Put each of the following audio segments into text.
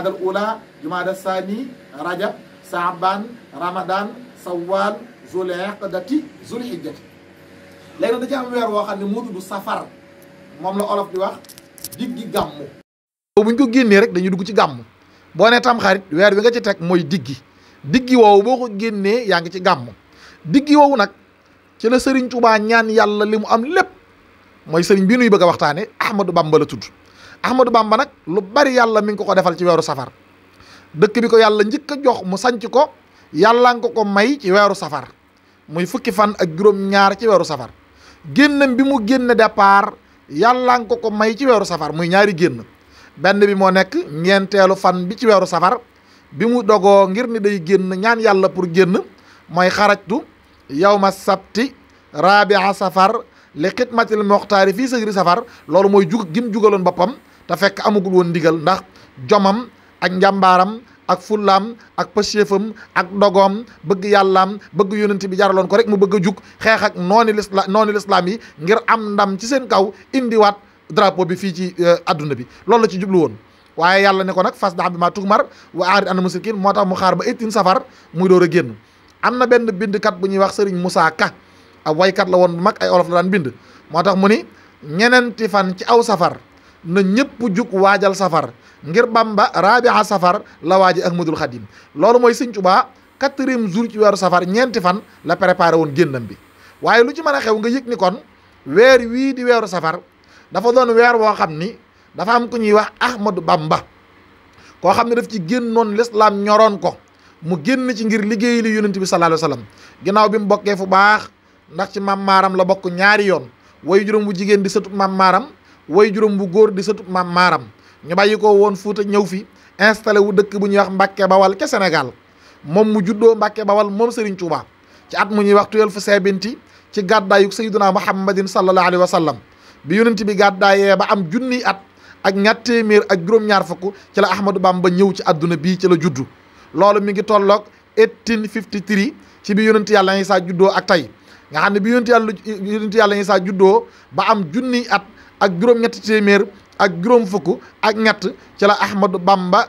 jumaadal ula jumaadal sani rajab saaban ramadan sawal zulqadati zulhijjati léegi da ci am weer woo xam ne moo tudd safar moom la olof di wax diggi gàmmu bu ko génnee rek dañu dugg ci gàmmu boo nee tam xarit weer wi nga ci teg mooy diggi diggi woowu boo ko génnee yaa ngi ci gàmmu diggi woowu nag ci la sëriñ Touba ñaan yàlla li mu am lépp mooy sëriñ bi nuy bëgg a waxtaane Ahmadou Bamba la tudd Ahmadou Bamba nak lu bari Yalla mi ngi ko defal ci wéru safar dekk bi ko Yalla njëkk jox mu sanc ko Yalla ngi ko may ci wéru safar muy fukki fan ak juroom ñaar ci wéru safar gennam bi mu genn départ Yalla ngi ko may ci wéru safar muy ñaari genn benn bi mo nekk ñentelu fan bi ci wéru safar bi mu dogo ngir ni day genn ñaan Yalla pour génn mooy xarajtu yawma sabti rabia safar li khidmatil moxtaari fi sëgri safar loolu moy jug gim jugalon bopam te fekk amagul woon ndigal ndax jomam ak njàmbaaram ak fullaam ak pëcceefam ak dogoom bëgg yàllaam bëgg yonent bi jaraloon ko rek mu bëgg a jug xeex ak nooni lisla nooni lislaam yi ngir am ndam ci seen kaw indiwaat drapeau bi fii ci euh, adduna bi loolu la ci jublu woon waaye yàlla ne ko nag fas daa bi maa tuxmar wa aarid an musrikin moo tax mu xaar ba ittin safar muy door a génn am na benn kat bu ñuy wax sëriñ Moussa Ka ab waykat la woon bu mag ay olof la daan bind moo tax mu ni ñenenti fan ci aw safar na ñëpp jug waajal safar ngir bamba rabi'a safar la waaji ahmadul xadim loolu mooy sëñ Tuubaa quatrième jour ci weeru safar ñeenti fan la préparé woon génnam bi waaye lu ci mën a xew nga yëg ni kon weer wii di weeru safar dafa doon weer woo xam ni dafa am ku ñuy wax ahmadu bamba koo xam ne daf ci génnoon lislaam ñoroon ko mu génn ci ngir liggéey li yonent bi sallallahu alayhi wasallam ginnaaw bi mu bokkee fu baax ndax ci maam maaram la bokk ñaari yoon way juróom bu jigéen di sëtu maam maaram way juróom bu góor di sëtub maam maaram ñu bàyyi ko woon Fuuta ñëw fi installé wu dëkk bu ñuy wax Mbàkke Bawal ca senegal moom mu juddoo Mbàkke Bawal moom Serigne Touba ci at mu ñuy wax tuyel fu seebinti ci gàddaayu sayyiduna Muhammadin sallallahu alayhi wa sallam bi yonent bi gàddaayee ba am junni at ak ñatt téeméer ak juróom-ñaar fukk ci la baam ba ñëw ci àdduna bi ci la juddu loolu mi ngi tolloog 1853 ci bi yonent yàlla Isaa juddoo ak tey nga xam ne bi yonent yàlla ngi saa Isaa juddoo ba am junni at ak juroom ñett témèr ak juroom fukk ak ñett ci la Ahmadu Bamba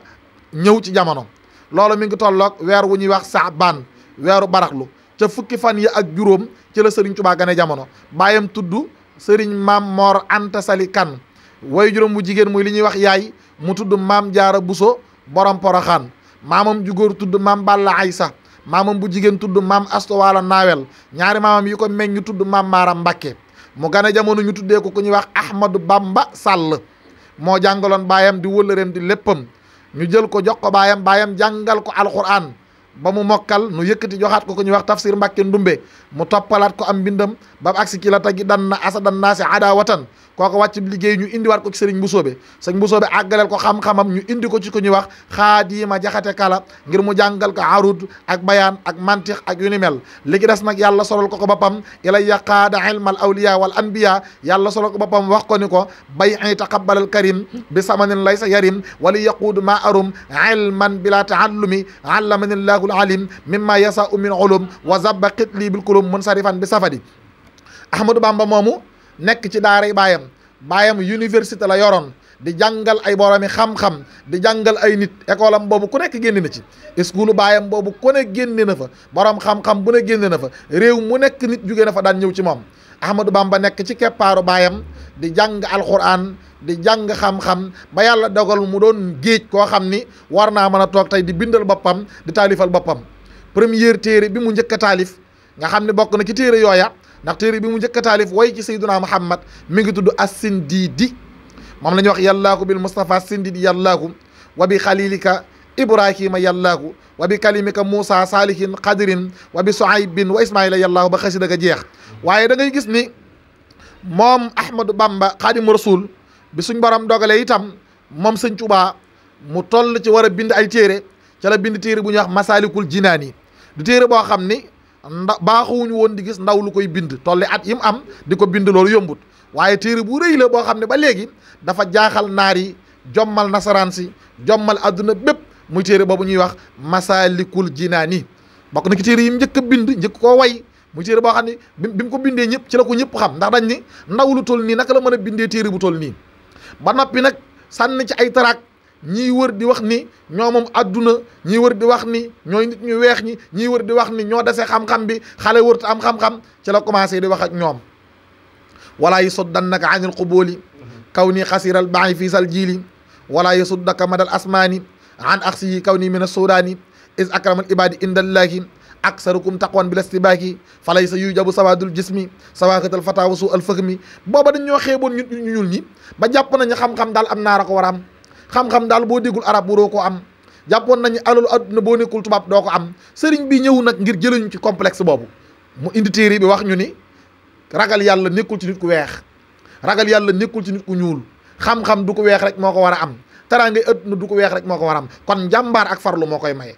ñew ci jamono loolu mi ngi tollok wër wu ñuy wax Saabaan wëru baraxlu ci fukki fan ya ak juroom ci la Serigne Touba gané jamono bayam tuddu Serigne mam Mor Anta Sali Kan way juroom bu jigen muy li ñuy wax yaay mu tuddu mam Jaara Buso borom poroxan mamam ju góor tuddu mam Balla aïssa mamam bu jigen tuddu mam Astuwaala nawel ñaari mamam yu ko meññ tuddu mam mara mu gane jamono ñu tuddee ko ku ñuy wax Ahmadou Bamba Sall moo jàngaloon baayam di wëllëreem di léppam ñu jël ko jox ko baayam baayam jàngal ko alxuraan ba mu mokkal nu yëkkati joxaat ko ku ñuy wax tafsir Mbàkke Ndumbe mu toppalaat ko am mbindam ba mu agsi ki la tagi dan na asa dan naa adaa watan koko wacc liggéey ñu indi wat ko ci serigne Mbusoobe serigne Mbusoobe àggaleel ko xam-xamam ñu indi ko ci ko ñu wax khadima jaxate kala ngir mu jàngal ko arud ak bayan ak mantix ak yuni mel ligi ci nak yàlla solol ko ko bopam ila yaqad ilm al awliya wal anbiya yàlla solol ko bopam wax ko niko bay ay taqabbal al karim bi samanin laysa yarim wal yaqud ma arum ilman bila taallumi allamani al alim mimma yasaau min ulum wa zabba li bil kulum munsarifan bi safadi ahmadou bamba moomu nekk ci daaray baayam baayam université la yoroon di jàngal ay boroomi xam-xam di jàngal ay nit école am boobu ku nekk génne na ci schoolu baayam boobu ku ne génne na fa borom xam-xam bu ne génne na fa réew mu nekk nit jugee na fa daan ñëw ci moom baam ba nekk ci keppaaru baayam di jàng alxuraan di jàng xam-xam ba yàlla dogal mu doon géej koo xam ni war naa mën a toog tey di bindal boppam di taalifal boppam première téere bi mu njëkk a nga xam ne bokk na ci téere yooya ndax téere bi mu njëkk a taalif way ci sayduna muhammad mi ngi tudd as-Sindiidi moom la ñuy wax yàllaaku bil Mustafa Sindiidi yàllaaku wa bi xalilika ibrahima yàllaaku wa bi kalimika moussa saalihin xadirin wa bi soaybin wa ismaila yàllaaku ba xasida ga jeex waaye da ngay gis ni moom ahmadou bamba xaadimu rasul bi suñ borom dogalee itam moom sëñ Tuubaa mu toll ci war a bind ay téere ca la bind téere bu ñuy wax masaalikul jinaani du téere boo xam ni nda baaxuwuñu woon di gis ndaw lu koy bind tolli at yi mu am di ko bind loolu yombut waaye téere bu rëy la boo xam ne ba léegi dafa jaaxal naari yi jommal nasaraan si jommal adduna bépp muy téere boobu ñuy wax masalikul jinaani bokk na ci téere yi mu njëkk bind njëkk koo way muy téere boo xam ne bi mu ko bindee ñëpp ci la ko ñëpp xam ndax dañ ni ndaw lu toll nii naka la mën a bindee téere bu toll nii ba noppi nag sànni ci ay tarak ñi wër di wax ni ñoo moom adduna ñi wër di wax ni ñooy nit ñu weex ñi ñi wër di wax ni ñoo dese xam-xam bi xale wërta am xam-xam ci la commencé di wax ak ñoom wala yusuddannaka an qubuli kaw nii xasiral baay fii sal jiili walaa yusuddaka madal asmani an aksi kawni kaw nii min assudaani is akramal inda indallahi aksarukum taqwan bil istibaki falaysa yujabu sawadul jismi sawaqat al sawaakatal fataawasu alfahmi booba dañ ñoo xébon ñu ñul ñi ba jàpp nañu xam-xam dal am naara ko waram xam-xam dal bo degul arab bu roko am japon nañu alul aduna bo nekul tubab doko am Sering bi ñew nak ngir jëlañu ci complexe bobu mu indi téré bi wax ñu ni ragal yalla nekul ci nit ku weex ragal yalla nekul ci nit ku ñuul xam-xam du ko weex rek moko wara am a am taraangay adduna du ko weex rek moko wara am kon jambar ak farlu mo koy maye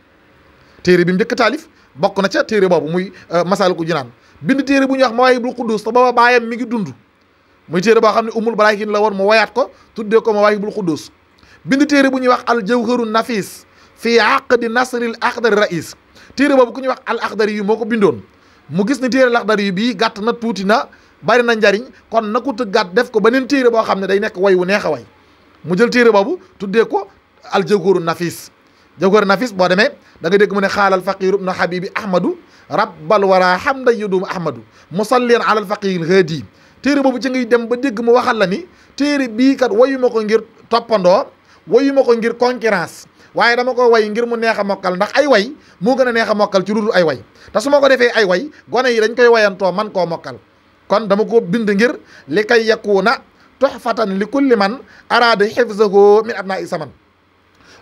téré bi mu jëk talif bokku na ci téré bobu muy euh, Masaalikul jinan bind téré bu ñu wax bu qudus ta baba bayam mi ngi dundu muy téré boo xamni umul baraakin la woon mu wayat ko tuddé ko Mawaahibul qudus bind téere bu ñuy wax al jawharu nafis fii aqdi nasril akhdari rais téere boobu ku ñuy wax al akhdari yu moo ko bindoon mu gis ni téere al akhdari yu bii gàtt na tuuti na bari na njariñ kon na ko tëggaat def ko beneen téere boo xam ne day nekk woy wu neex a way mu jël téere boobu tuddee ko al jawharu nafis jawharu nafis boo demee da nga dégg mu ne xaalal faqiru ibnu habibi ahmadu rabbal wara hamda yudum ahmadu musalliyan alal faqiril haadi téere boobu ci dem ba dégg mu waxal la ni téere bii kat wayu ma ko ngir toppandoo ma ko ngir concurrence waaye dama ko way ngir mu neex a mokkal ndax ay way moo gën a neex a mokkal ci lu ay way te su ma ko defee ay way gone yi dañ koy wayantoo man koo mokkal kon dama ko bind ngir li kay yakuuna tuhfatan li kulli man araada xifzahu min abnaa i saman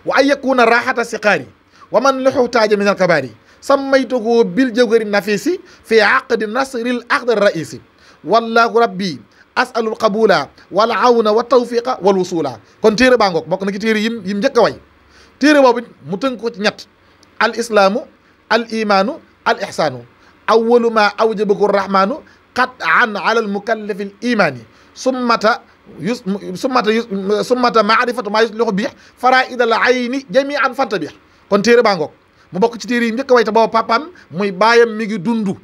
wa ay yakuuna raaxata siqaari wa man yi min alkabaari sammaytuhu bil jawhari nafisi fi aqdi nasril aqdar raisi wallahu rabbi asalul qabula wal awna wa tawfiqa wal wusula kon téere baa ngoog bokk na ci téere yim yim njëkk a way téere boobu mu tënk ko ci ñett al islaamu al imaanu al ihsaanu awalu ma awjabahu rahmaanu qat'an ala al mukallafi al imaani summata yus summata yus summata maarifatu maa yuslihu bih faraida al ayni jamian fantabih kon téere baa ngoog mu bokk ci téere yim njëkk a way te booba papaam muy baayam mi ngi dundu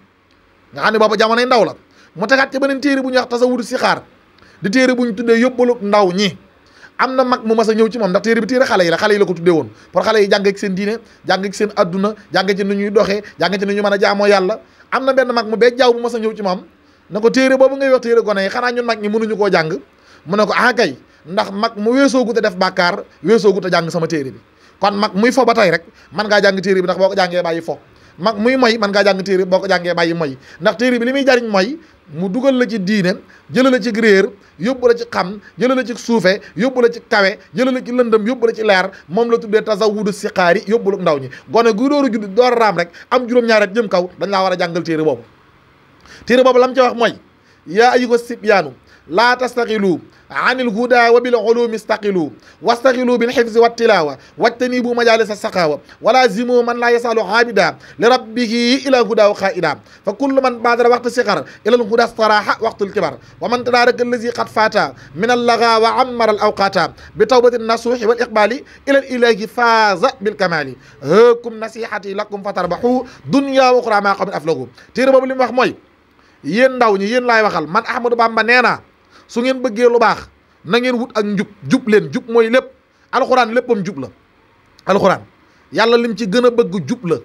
nga xam ne booba jamonoy ndaw la mu tegaat ca beneen téere bu ñuy wax tasawudu si xaar di téere bu ñu tuddee yóbbalu ndaw ñi am na mag mu ma a ñëw ci moom ndax téere bi téere xale yi la xale yi la ko tuddee woon pour xale yi jàng ci seen diine jàng ci seen adduna jàng ci nu ñuy doxee jàng ci nu ñu mën a jaamoo yàlla am na benn mag mu bee jaaw bu mas a ñëw ci moom na ko téere boobu ngay wax téere gone yi xanaa ñun mag ñi mënuñu koo jàng mu ne ko ah kay ndax mag mu weesoogu te def bàkkaar weesoogu te jàng sama téere bi kon mag muy fo ba tey rek mën ngaa jàng téere bi ndax boo ko jàngee bàyyi fo mag muy moy mën ngaa jàng téere boo ko jàngee bàyyi moy ndax téere bi li muy jariñ mooy mu dugal la ci diine jëla la ci réer yóbbu la ci xam jëla la ci suufe yóbbu la ci kawe jëla la ci lëndëm yóbbu la ci leer moom la tuddee tasawudu siqaari yóbbu la ndaw ñi gone gu dooru judd door raam rek am juróom-ñaar rek jëm kaw dañ laa war a jàngal téere boobu téere boobu lam ca wax mooy yaa ayu ko sibyaanu لا تستغلوا عن الهدى وبالعلوم استقلوا واستغلوا بالحفظ والتلاوة واجتنبوا مجالس السخاوة ولازموا من لا يسأل عابدا لربه إلى الهدى وخائدا فكل من بادر وقت الصغر إلى الهدى استراح وقت الكبر ومن تدارك الذي قد فات من اللغى وعمر الأوقات بتوبة النصوح والإقبال إلى الإله فاز بالكمال هكم نصيحتي لكم فتربحوا دنيا وأخرى ما قبل أفلغوا تيربا بلي wax moy yeen ndaw ñi yeen lay waxal man ahmadou bamba su ngeen bëggee lu baax na wut ak njub jub leen jub mooy lépp alxuraan léppam jub la alxuraan yàlla lim ci gën a bëgg jub la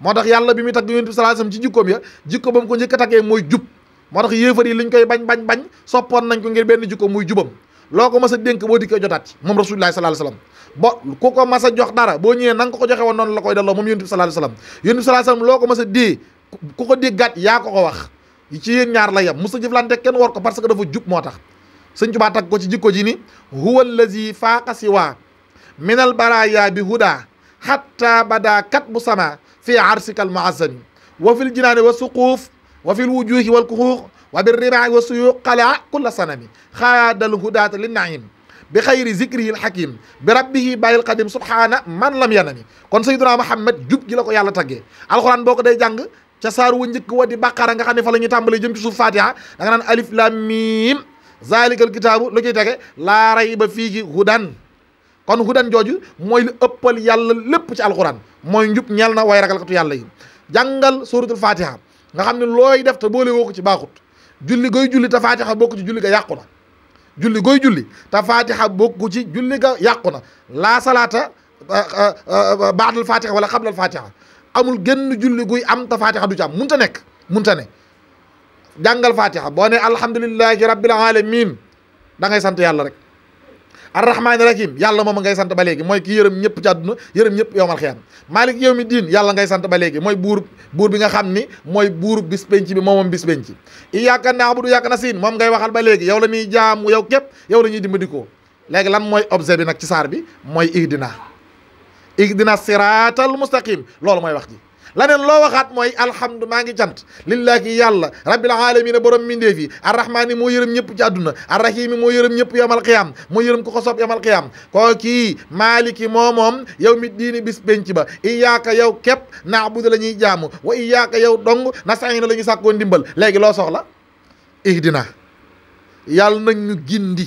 moo tax yàlla bi muy tagg yonent bi sallallahu alayhi wasallam ci jikkoom ya jikko ba mu ko njëkk a taggee mooy jub moo tax yéefar yi liñ koy bañ bañ bañ soppoon nañ ko ngir benn jikko muy jubam loo ko mas a dénk boo dikkee jotaat ci moom rasulullah sallallahu alayhi wasallam bo ku ko mas a jox dara boo ñëwee na ko ko joxe woon noonu la koy delloo moom yonent bi sallallahu alayhi wasallam yonent bi sallallahu ko mas a yaa ko ko wax ci ñaar la yem mos a kenn war ko parce que dafa jub moo tax sëñ Tuubaa tag ko ci jikko ji ni huwa allazi faqa siwa min al baraya bi huda hatta bada kat bu sama fi arsikal al muazzami wa fil jinan wa suquf wa fi wal kuhur wa birrimaa wa suyuq qala kull sanami huda lin na'im bi khairi zikrihi hakim bi rabbihi bàyyil qadim subhana man lam yanami kon sayyiduna muhammad djub gi lako yalla tagge taggee alxuraan day jang ca saru wunjik wa di nga xam fa lañu tambali ci suuf fatiha da nga nan alif lam mim zaalikal kitaabu lu ciy tege laa rayba fii ji hudan kon hudan jooju mooy lu ëppal yàlla lépp ci alquran mooy njub ñel na way ragalkatu yàlla yi jàngal suratul fatiha nga xam ne looy def te boole woo ko ci baaxut julli goy julli te fatiha bokku ci julli ga yàqu na julli goy julli te fatiha bokku ci julli yàqu na laa salaata eh, eh, eh, baadal fatiha wala xablal fatiha amul genn julli guy am te fatiha du ci am munta nekk munta ne jàngal fatiha boo ne alhamdulillahi rabbil alamin da ngay sant yàlla rek arrahmaani rahim yàlla moom ngay sant ba léegi mooy kii yërëm ñëpp ci àdduna yërëm ñëpp yowmal xiyaam maalik yow mi diin yàlla ngay sant ba léegi mooy buur buur bi nga xam ni mooy buur bis penc bi moomoom bis penc iyyaka na'budu iyyaka nasiin moom ngay waxal ba léegi yow la ñuy jaamu yow képp yow la ñuy dimbali léegi lan mooy objet bi nag ci saar bi mooy ihdina ihdina siraatal mustaqim loolu mooy wax ji laneen loo waxaat mooy alhamdu maa ngi cant lillahi yàlla rabbil alamina borom mindee fi arrahmani moo yërëm ñëpp ci àdduna arrahimi moo yërëm ñëpp yomal qiyam moo yërëm ko ko sob yomal qiyam koo kii maaliki moo moom yow mi diini bis penc ba iyaaka yow képp naabudu la ñuy jaamu wa iyaaka yow dong nasta'iinu la ñuy sàkkoo ndimbal léegi loo soxla ihdina yàlla nañ ñu gindi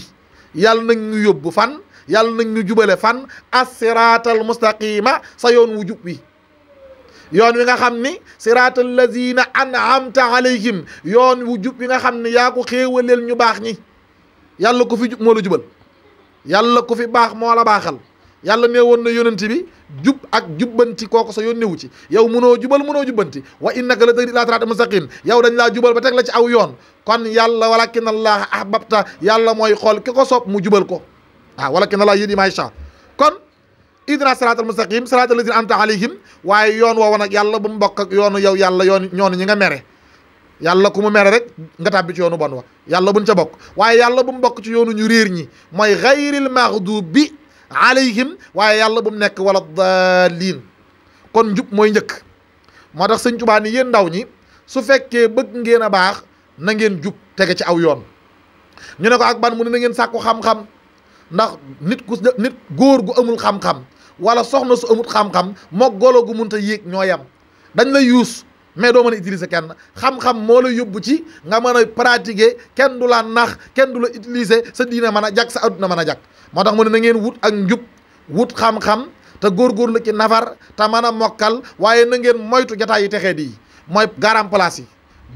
yàlla nañ ñu yóbbu fan yàlla nañ ñu jubale fan assiraatal mustaqima sa yoon wu jub wi yoon wi nga xam ni siraatal lazina an'amta alayhim yoon wu jub wi nga xam ne yaa ko xéewaleel ñu baax ñi yàlla ko fi jub moo la jubal yàlla ko fi baax moola baaxal yàlla nee woon na yonent bi jub ak jubanti kooku sa yoon newu ci yow munoo jubal munoo jubbanti wa innaka la tahdi ilaa siraatin mustaqim yow dañ laa jubal ba teg la ci aw yoon kon yàlla walakin allah ahbabta yàlla mooy xool ki ko soob mu jubal ko ah walakin allah yahdi man yashaa kon idna siraatal mustaqim siraatal lazina an'amta alayhim waaye yoon woowa nag yàlla bu mu bokk yoonu yow yàlla yoon ñoonu ñi nga mere yàlla ku mu mere rek nga tàbbi ci yoonu bon wa yàlla buñ ca bokk waaye yàlla bu mu ci yoonu ñu réer ñi mooy gayril maghdubi alayhim waaye yàlla bu mu nekk wala daalin kon njub mooy njëkk moo tax sëñ Tuubaa ni yéen ndaw ñi su fekkee bëgg ngeen a baax na ngeen jub tege ci aw yoon ñu ne ko ak ban mu ne na ngeen sàkku xam-xam ndax nit ku nit góor gu amul xam wala soxna su amut xam-xam moog golo gu munta yéeg ñoo yam dañu la yuus mais doo mën a utiliser kenn xam-xam moo la yóbbu ci nga mën a pratiquer kenn du la nax kenn du la utiliser sa diina mën a jag sa àdduna mën a jag moo tax mu ne na ngeen wut ak njub wut xam-xam te góorgóorlu ci nafar te mën a mokkal waaye na ngeen moytu jataay yi texee di mooy garam place yi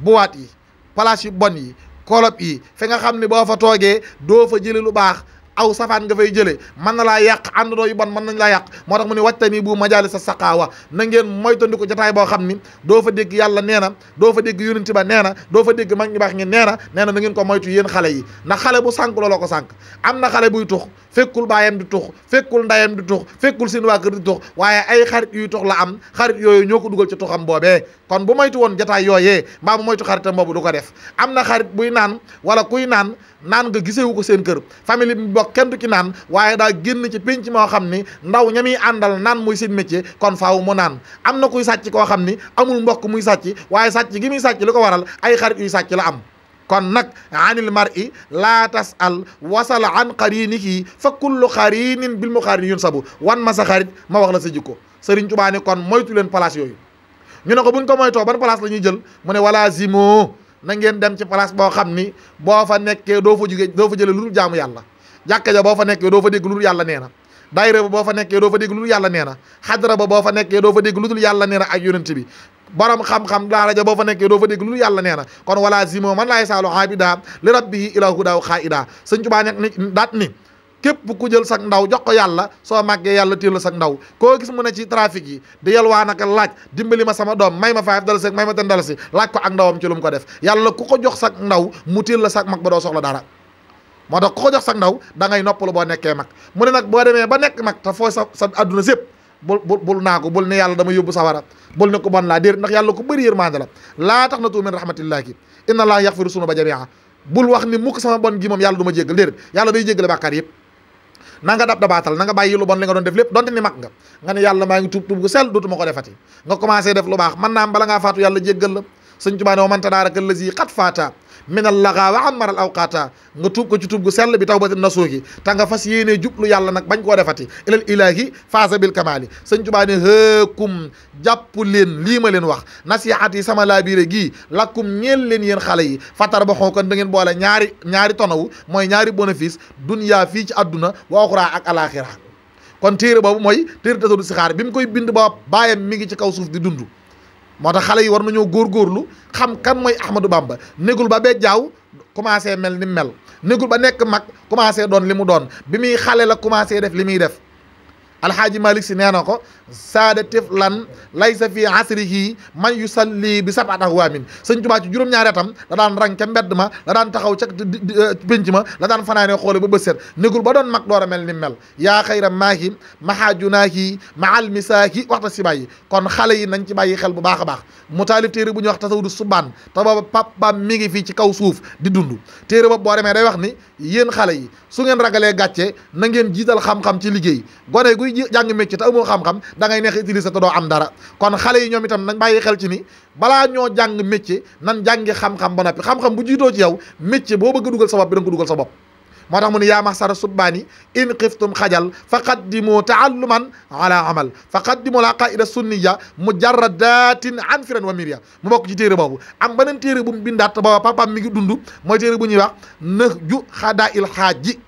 boîte yi place yu bon yi kolop yi fi nga xam ne boo fa toogee doo fa jële lu baax aw safaan nga fay jëlee mën na laa yàq àndandoo yu bon mën nañ laa yàq moo tax mu ne wàjta nii bu majaali sa saqaawa na ngeen moytandiku jataay boo xam ni doo fa dégg yàlla nee na doo fa dégg yonent ba nee na doo fa dégg mag ñu baax ngeen nee na nee ko moytu yéen xale yi ndax xale bu sànk looloo ko sànk am na xale buy tux fekkul baayam di tux fekkul ndayam di tux fekkul seen waa kër waaye ay xarit yuy tux la am xarit yooyu ñoo ko dugal ci tuxam boobee kon bu moytu woon jataay yooyee mbaa bu moytu xaritam boobu du ko def am na xarit buy naan wala kuy naan naan nga gisewu ko seen kër famille bi bokk kenn du ci naan waaye daa génn ci pénc moo xam ni ndaw ña muy àndal naan mooy seen métier kon faaw mu naan am na kuy sàcc koo xam ni amul mbokk muy sàcc waaye sàcc gi muy sàcc lu ko waral ay xarit yuy sàcc la am kon nag anil mar'i laa tasal wasal an yi qarinihi fa kullu qarinin bil muqarini yunsabu wan ma sa xarit ma wax la sa jikko Sëriñ Tuubaa ni kon moytu leen place yooyu ñu ne ko buñ ko moytoo ban place la ñuy jël mu ne wala zimo na ngeen dem ci place boo xam ni boo fa nekkee doo fa jugee doo fa jëlee lu dul jaamu yàlla jàkka ja boo fa nekkee doo fa dégg lu dul yàlla nee na daayira ba boo fa nekkee doo fa dégg lu dul yàlla nee na xadara ba boo fa nekkee doo fa dégg lu dul nee na ak bi borom xam-xam daara ja boo fa nekkee doo fa dégg lu yàlla nee na kon wala zimo man laay saalu xaabidaa li rabbihi ilaa hudaa xaa idaa sëñ Tuubaa ni daat ni Kep ku jël sak ndaw jox ko yalla so magge yalla téel sak ndaw ko gis mu ne ci trafic yi di yelwaa naka laaj dimbali ma sama dom mayma ma five dalasi mayma tan ma ten dalasi laaj ko ak ndawam ci lum ko def yalla ku ko jox sak ndaw mu téel la mag ba do soxla dara mo do ko jox sak ndaw da ngay noppalu bo nekké mag mu ne nak bo démé ba nek mag ta fo sa aduna adduna bul bul bul ko bul ne yalla dama yobbu sawara bul ne ko bon la dir nak yalla ko beur yeur la laa la na tu min rahmatillahi inna allaha yaghfiru sunu bajami'a bul wax ni muk sama bon gi mom yalla duma ma jéggal déer yàlla day jéggale bàkkaar yëpp na nga dab dabaatal na nga bàyyi lu bon li nga doon def lépp donte ni mag nga nga ne yàlla maa ngi tuub tuub gu sell dootuma ko defati nga commencé def lu baax man naam bala ngaa faatu yàlla jéggal la sëñ Tuubaa wa man tadaaraka lazi qad faata min al laga wa amara al awqata nga tuub ko ci tuub gu sell bi taw ba nasuuki te nga fas yéenee jublu yàlla nag bañ koo defati ilal ilahi faasa bil kamaali sëñ Tubaa ne hëkkum jàpp leen lii ma leen wax nasihat yi sama laabiire gii lakkum ñeel leen yéen xale yi fatar ba xoo kon da ngeen boole ñaari ñaari tonaw mooy ñaari bénéfice dunya fii ci àdduna wa axuraa ak alaxira kon téere boobu mooy téere tasawdu sixaar bi mu koy bind ba baayam mi ngi ci kaw suuf di dund moo tax xale yi war nañoo góorgóorlu xam kan mooy Ahmadou Bamba négul ba bee jaaw commencé mel ni mel négul ba nekk mag commencé doon li mu doon bi muy xale la commencé def li muy def alxaaji malik si nee na ko saada tef lan lay sa fii asrihi man yu salli bi sabat ahwaamin sëñ tubaa ci juróom-ñaari atam la daan rang ca mbedd ma la daan taxaw ca pénc ma la daan fanaanee xoole ba bësset négul ba doon mag door a mel ni mel yaa xayra maahi mahajunaahi mahal misaahi waxta si bàyyi kon xale yi nañ ci bàyyi xel bu baax a baax mu taalif téere bu ñuy wax tasawdu subaan te booba pap bam mi ngi fii ci kaw suuf di dund téere boobu boo demee day wax ni yéen xale yi su ngeen ragalee gàcce na ngeen jiital xam-xam ci liggéey gone guy jàng métier te amoo xam-xam da ngay neex utiliser te doo am dara kon xale yi ñoom itam nañ bàyyi xel ci ni balaa ñoo jàng métier nan jàngi xam-xam ba noppi xam-xam bu jiitoo ci yow métier boo bëgg dugal sa bopp bi danga ko dugal sa bopp moo tax mu ne yaa maxsara subbaani in xiftum xajal fa qaddimu taalluman ala amal fa qaddimu la qaida sunniya mujarradatin an firan wa mirya mu bokk ci téere boobu am beneen téere bu mu bindaat booba papaam mi ngi dund mooy téere bu ñuy wax nëx ju xadaa il xaaji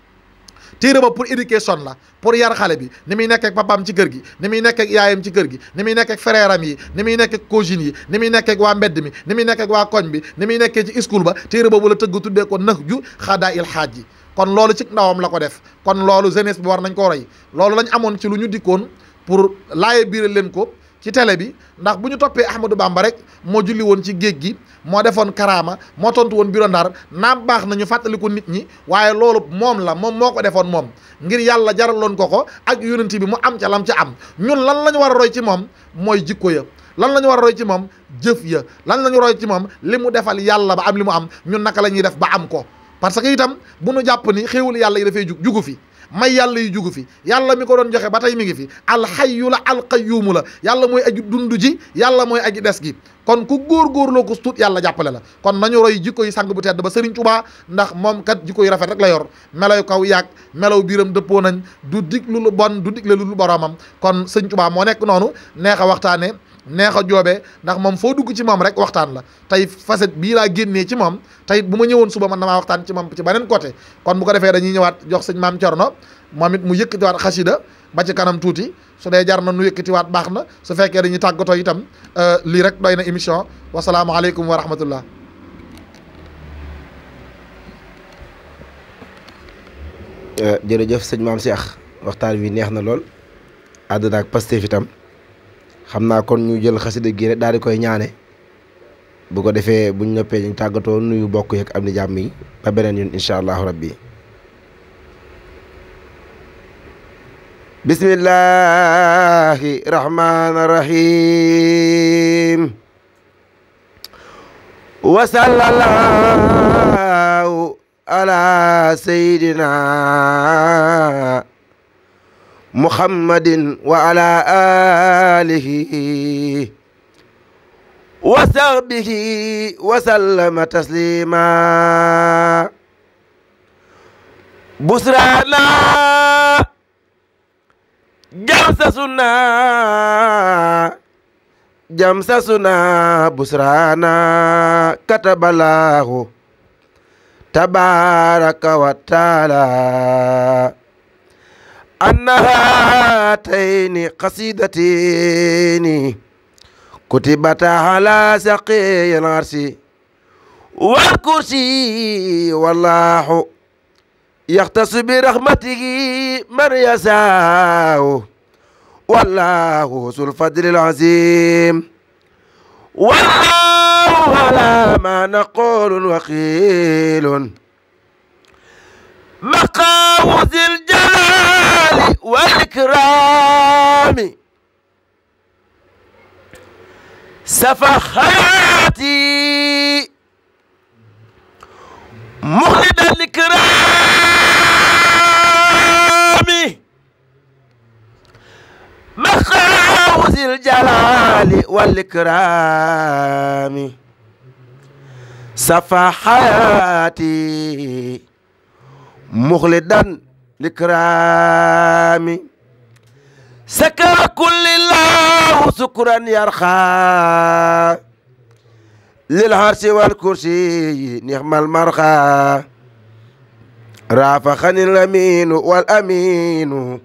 téere ba pour éducation la pour yar xale bi ni muy nekk ak papaam ci kër gi ni muy nekk yaayam ci kër gi ni muy nekk ak frère am yi na muy nekk ak cousine yi ni muy nekk ak waa mi ni muy nekk ak waa bi ni muy nekkee ci ba téere boobu la tëgg tuddee ko nax ju xadaa il xaaj yi kon loolu ci ndawam la ko def kon loolu jeunesse bi war nañ koo rey loolu lañ amoon ci lu ñu dikkoon pour laaye biire leen ko ci télé bi ndax bu ñu toppee Ahmadou Bamba rek moo julli woon ci géej gi moo defoon karaama moo tontu woon biro ndar naam baax na ñu fàttaliku nit ñi waaye loolu moom la moom moo ko defoon moom ngir yàlla jaraloon ko ko ak yonent bi mu am ca lam ca am ñun lan la ñu war a roy ci moom mooy jikko ya lan la ñu war a roy ci moom jëf ya lan la ñu roy ci moom li mu defal yàlla am li mu am ñun naka la ñuy def ba am ko parce que itam bu nu jàpp ni xéewal yàlla yi dafay jug jugu fi may yàlla yi jugu fi yàlla mi ko doon joxe ba tey mi ngi fi alxayu la alqayuumu la yàlla mooy aji dund ji yàlla mooy aji des gi kon ku góor góorgóorloo ko tuut yàlla jàppale la kon nañu roy jikko yi sang bu tedd ba Serigne Touba ndax moom kat jikko yi rafet rek la yor melow kaw yàgg melaw biiram dëppoo nañ du diglu lu bon du digle lu lu boromam kon sëñ Touba moo nekk noonu neex a waxtaane neex a joobee ndax moom foo dugg ci moom rek waxtaan la tey facette bii laa génnee ci moom teyit bu ma ñëwoon suba man damaa waxtaan ci moom ci beneen côté kon bu ko defee dañuy ñëwaat jox sëñ maam Thierno moom it mu yëkkatiwaat xasida ba ci tuuti su dee jar na nu yëkkatiwaat baax na su fekkee dañuy tàggatoo itam euh, lii rek doy na émission wasalaamaaleykum wa rahmatullah euh, jërëjëf sëñ maam Cheikh waxtaan wi neex na lool àdduna ak Pastef itam xam naa kon ñu jël xasida gi rek koy ñaane bu ko defee bu noppee ñu tàggatoo nuyu bokk yeeg am ni jàmm yi ba beneen yoon incha allahu rabbi bismillahi rahmaani rahiim wa sallallahu محمد وعلى آله وصحبه وسلم تسليما بسرانا جمسسنا جمسسنا بسرانا كتب الله تبارك وتعالى أن هاتين قصيدتين كتبتا على سقي العرش والكرسي والله يختص برحمته من يساء والله ذو الفضل العظيم والله على ما نقول وقيل مقام ذي الجلال والإكرام سفح حياتي مخلدا الإكرام مقام ذي الجلال والإكرام سفح حياتي مخلدا لكرامي سكر كل الله سكرا يرخى للعرش والكرسي نعم المرخى رافخا الأمين والأمين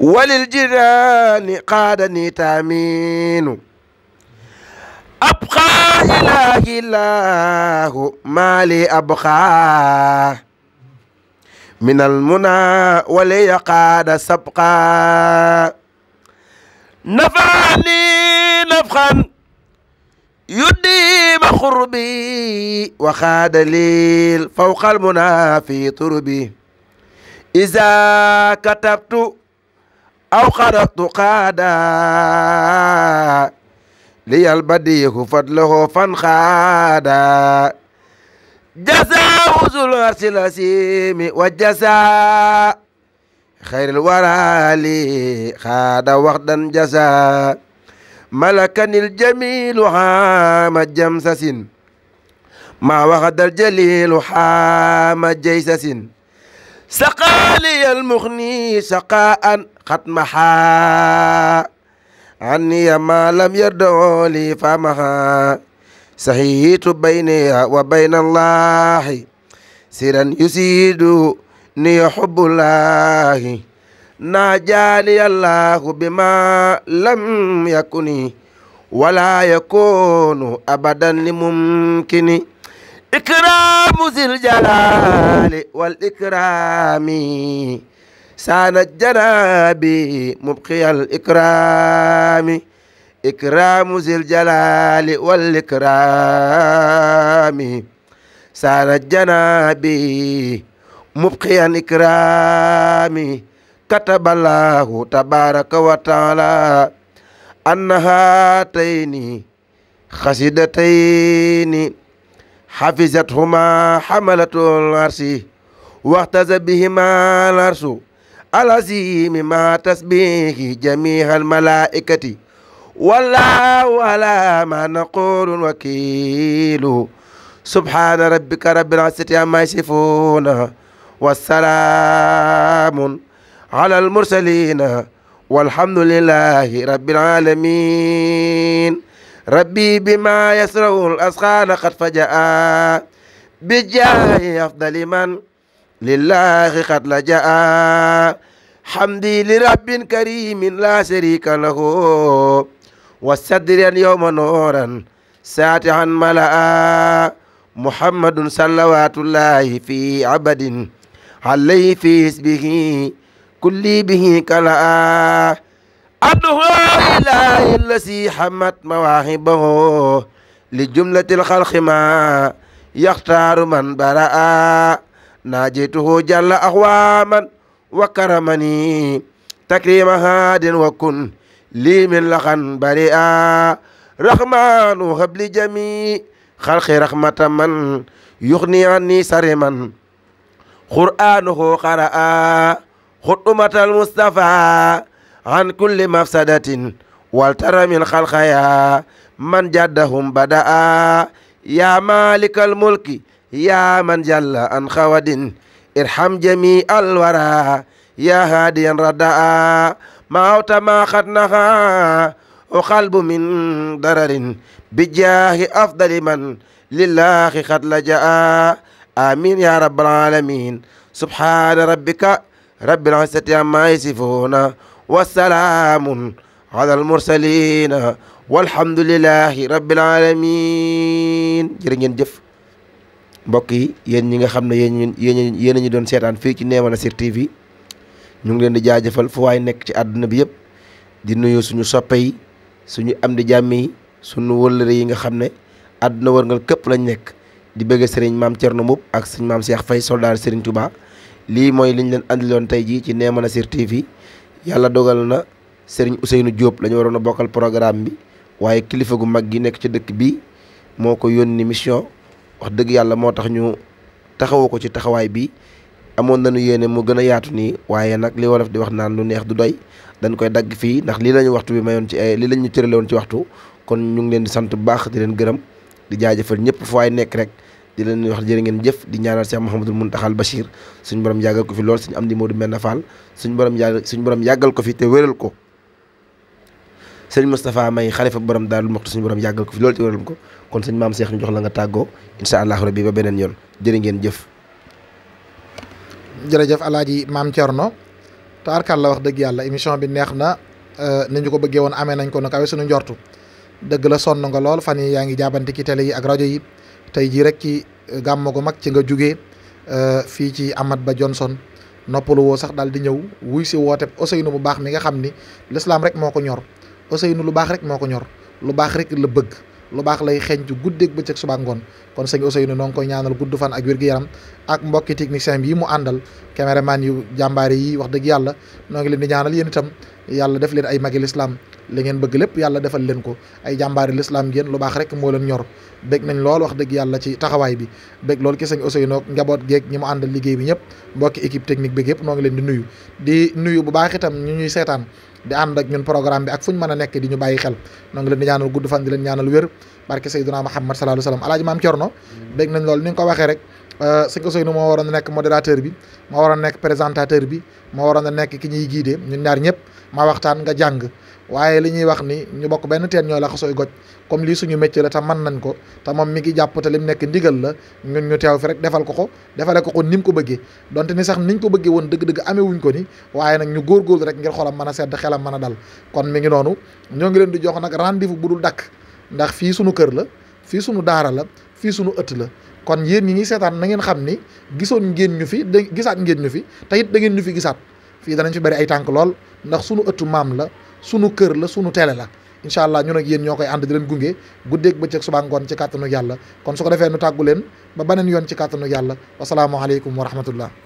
وللجيران قادني تامين أبقى إله الله ما لي أبقى من المنى وليقعد سبقا نفعني نفخا يديم خربي وخاد ليل فوق المنى في تربي إذا كتبت أو قرأت قادا لي البديه فضله فانخادا جزاء ذو العرش العظيم والجزاء خير الورى لي خاد وحدا جزاء ملكا الجميل حام جمسس ما وحد الجليل حام جيسس سقى لي المغني سقاء قد محا عني ما لم يردع لي فمها sahihitu bayniya wa bayna allahi siran yusidu niya hubbullahi najani allahu bima lam yakuni wala yakunu abadan li mumkini ikramu zil jalali wal ikrami sanat janabi mubqiyal ikrami إكرام ذي الجلال والإكرام سار الجنابي مبقيا إكرامي كتب الله تبارك وتعالى أن هاتين خسدتين حفظتهما حملة العرس واهتز بهما العرس العظيم مع تسبيح جميع الملائكة والله ولا ما نقول وكيل سبحان ربك رب العزة عما يصفون والسلام على المرسلين والحمد لله رب العالمين ربي بما يسر الأسخان قد فجأ بجاه أفضل من لله قد لجأ حمدي لرب كريم لا شريك له وسدر اليوم نورا ساتحا ملأ محمد صلوات الله في عبد عليه في حسبه كل به كلا أنه إله الذي حمد مواهبه لجملة الخلق ما يختار من براء ناجته جل أخواما وكرمني تكريم هاد وكن لي من لغن بريئا رحمن هب لي جميع خلق رحمة من يغني عني سرما قرآنه قرأ خطمة المصطفى عن كل مفسدة والترى من خلقيا من جدهم بدأ يا مالك الملك يا من جل عن خواد ارحم جميع الورى يا هاديا ردأ ما أوتا ما خدناها وقلب من ضرر بجاه أفضل من لله قد لجاء آمين يا رب العالمين سبحان ربك رب العزة عما يصفون والسلام على المرسلين والحمد لله رب العالمين jërë ngeen jëf mbokk yi yéen ñi يين يين ne yéen سيتان في ñu نيمانا سير تي في ñu ngi leen di jaajëfal fu waaye nekk ci àdduna bi yëpp di nuyu suñu soppe yi suñu am di jàmm yi suñu wëllëre yi nga xam ne àdduna wërngal képp lañ nekk di bëgg sëriñ maam na Mboup ak suñ maam Cheikh Faye soldaar sëriñ Touba lii mooy liñ leen andiloon tey jii ci Nema Nazir TV yàlla dogal na sëriñ Ousseynou Diop la ñu waroon a bokkal programme bi waaye kilifa gu mag gi nekk ci dëkk bi moo ko yónni mission wax dëgg yàlla moo tax ñu taxawoo ko ci taxawaay bi amoon nañu yéene moo gën a yaatu nii waaye nag li wolof di wax naan lu neex du doy dañ koy dagg fii ndax lii lañu waxtu bi mayoon ci ay eh, lii lañu cërale woon ci waxtu kon ñu ngi leen di sant bu baax di leen gërëm di jaajëfal ñëpp fu nekk rek di leen wax jërë ngeen jëf di ñaanal Cheikh Mouhamadul Muntaxal Bachir suñu borom yàggal ko fi lool suñu am di Modou Mbène Fall suñu borom yàgg suñu borom yàggal ko fi te wéral ko sëñ Moustapha May xalifa borom daal lu maxtu suñu borom yàggal ko fi loolu te wéral ko kon suñ maam se ñu jox la nga tàggoo incha allahu rabbi ba beneen yoon jërë ngeen jërëjëf yi maam Thierno taarkal la wax dëgg yàlla émission bi neex na euh, ni ñu ko bëggee woon amee nañ ko nu kawe suñu njortu dëgg la sonn nga lool fan yi yaa ngi jaabante ki télé yi ak rajo yi tey jii rek ci euh, gàmmu gu mag ci nga jugee euh, fii ci Amat Ba Johnson noppalu woo sax daal di ñëw wuy si woote Ousseynou bu baax mi nga xam ni lislaam rek moo ko ñor Ousseynou lu baax rek moo ko ñor lu baax rek la bëgg lu baax lay xeeñtu guddeeg bëccëg suba ngoon kon sëñ Ousseynou noo ngi koy ñaanal gudd fan ak wér-gu-yaram ak mbokki technicien bi yi mu àndal caméraman yu jàmbaar yi wax dëgg yàlla noo ngi leen di ñaanal yéen itam yàlla def leen ay magi lislaam li ngeen bëgg lépp yàlla defal leen ko ay jàmbaari lislaam ngeen lu baax rek moo leen ñor bég nañ lool wax dëgg yàlla ci taxawaay bi bég lool ki sëñ Ousseynou njaboot geeg ñi mu àndal liggéey bi ñëpp mbokki équipe technique bi yëpp noo ngi leen di nuyu bu baax itam ñu ñuy seetaan di ànd ak ñun programme bi ak fu ñu mën a nekk di ñu bàyyi xel noo ngi leen di ñaanal gudd fan di leen ñaanal wér barke Seydina Muhammad sallallahu alayhi wa sallam alaaji maam Cerno dégg nañ loolu ni nga ko waxee rek euh, sëñ Ousseynou moo waroon nekk modérateur bi moo waroon nekk présentateur bi moo waroon a nekk ki ñuy guider ñu ñaar ñëpp ma waxtaan nga jàng waaye li ñuy wax ni ñu bokk benn teen ñooy la xasooy goj comme lii suñu métier la tam man nañ ko te moom mi ngi jàpp te lim nekk ndigal la ñun ñu teew fi rek defal ko ko defale ko ko ni mu ko bëggee donte ni sax niñ ko bëggee woon dëgg-dëgg amewuñ ko ni waaye nag ñu góorgóorlu rek ngir xolam mën a sedd xelam man a dal kon mi ngi noonu ñoo ngi leen di jox nag rendez-vous bu dul dakk ndax fii suñu kër la fii suñu daara la fii sunu ëtt la kon yéen ñi ñuy seetaan na ngeen xam ni gisoon ngeen ñu fi da gisaat ngeen ñu fi te it da ngeen ñu fi gisaat fii danañ fi bari ay tànk lool ndax suñu ëttu maam la sunu kër la sunu teele la incha allah ñu ak yéen ñoo koy ànd di leen gunge guddeeg bëccëg suba ngoon ci kàttanu yàlla kon su ko defee nu tàggu leen ba beneen yoon ci kàttanu yàlla wasalaamualeykum wa rahmatullah